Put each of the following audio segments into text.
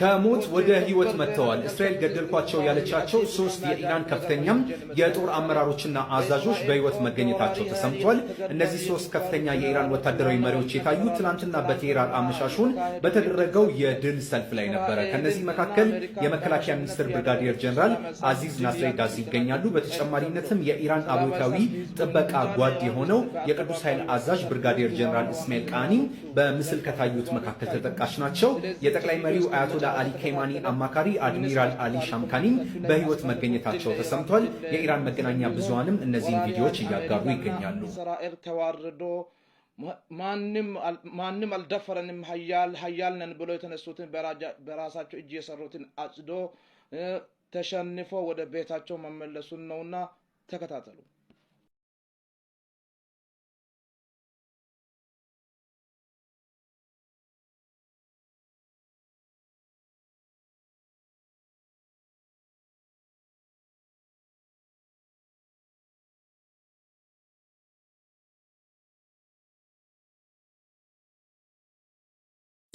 ከሞት ወደ ህይወት መጥተዋል። እስራኤል ገደልኳቸው ያለቻቸው ሶስት የኢራን ከፍተኛም የጦር አመራሮችና አዛዦች በህይወት መገኘታቸው ተሰምቷል። እነዚህ ሶስት ከፍተኛ የኢራን ወታደራዊ መሪዎች የታዩ ትናንትና በቴህራን አመሻሹን በተደረገው የድል ሰልፍ ላይ ነበረ። ከነዚህ መካከል የመከላከያ ሚኒስትር ብርጋዴር ጀኔራል አዚዝ ናስሬዳዝ ይገኛሉ። በተጨማሪነትም የኢራን አብዮታዊ ጥበቃ ጓድ የሆነው የቅዱስ ኃይል አዛዥ ብርጋዴር ጀኔራል እስማኤል ቃኒ በምስል ከታዩት መካከል ተጠቃሽ ናቸው። የጠቅላይ መሪው አያቶላ አሊ ኬማኒ አማካሪ አድሚራል አሊ ሻምካኒም በህይወት መገኘታቸው ተሰምቷል። የኢራን መገናኛ ብዙሃንም እነዚህን ቪዲዮዎች እያጋሩ ይገኛሉ። ተዋርዶ ማንም አልደፈረንም ሀያል ሀያል ነን ብሎ የተነሱትን በራሳቸው እጅ የሰሩትን አጽዶ ተሸንፎ ወደ ቤታቸው መመለሱን ነውና ተከታተሉ።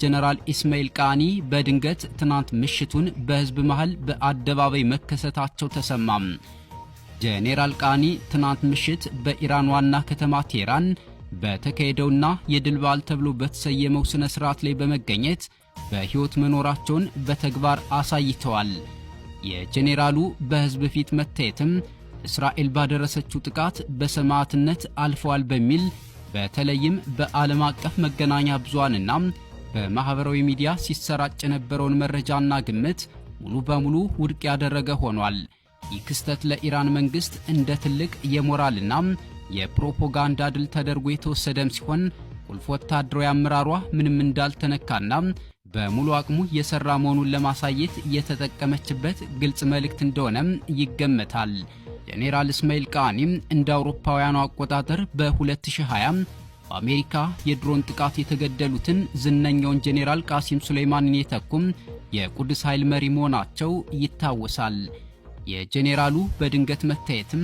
ጀነራል ኢስማኤል ቃኒ በድንገት ትናንት ምሽቱን በህዝብ መሃል በአደባባይ መከሰታቸው ተሰማም። ጀኔራል ቃኒ ትናንት ምሽት በኢራን ዋና ከተማ ቴህራን በተካሄደውና የድል በዓል ተብሎ በተሰየመው ስነ ስርዓት ላይ በመገኘት በህይወት መኖራቸውን በተግባር አሳይተዋል። የጄኔራሉ በህዝብ ፊት መታየትም እስራኤል ባደረሰችው ጥቃት በሰማዕትነት አልፈዋል በሚል በተለይም በዓለም አቀፍ መገናኛ ብዙሃንና በማህበራዊ ሚዲያ ሲሰራጭ የነበረውን መረጃና ግምት ሙሉ በሙሉ ውድቅ ያደረገ ሆኗል። ይህ ክስተት ለኢራን መንግሥት እንደ ትልቅ የሞራልና የፕሮፓጋንዳ ድል ተደርጎ የተወሰደም ሲሆን ቁልፍ ወታደራዊ አመራሯ ምንም እንዳልተነካና በሙሉ አቅሙ የሰራ መሆኑን ለማሳየት የተጠቀመችበት ግልጽ መልእክት እንደሆነም ይገመታል። ጄኔራል እስማኤል ቃኒም እንደ አውሮፓውያኑ አቆጣጠር በ2020 በአሜሪካ የድሮን ጥቃት የተገደሉትን ዝነኛውን ጄኔራል ቃሲም ሱሌይማንን የተኩም የቁድስ ኃይል መሪ መሆናቸው ይታወሳል። የጄኔራሉ በድንገት መታየትም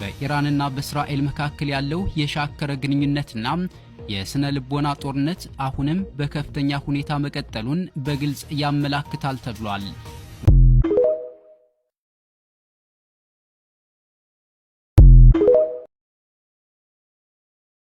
በኢራንና በእስራኤል መካከል ያለው የሻከረ ግንኙነትና የሥነ ልቦና ጦርነት አሁንም በከፍተኛ ሁኔታ መቀጠሉን በግልጽ ያመላክታል ተብሏል።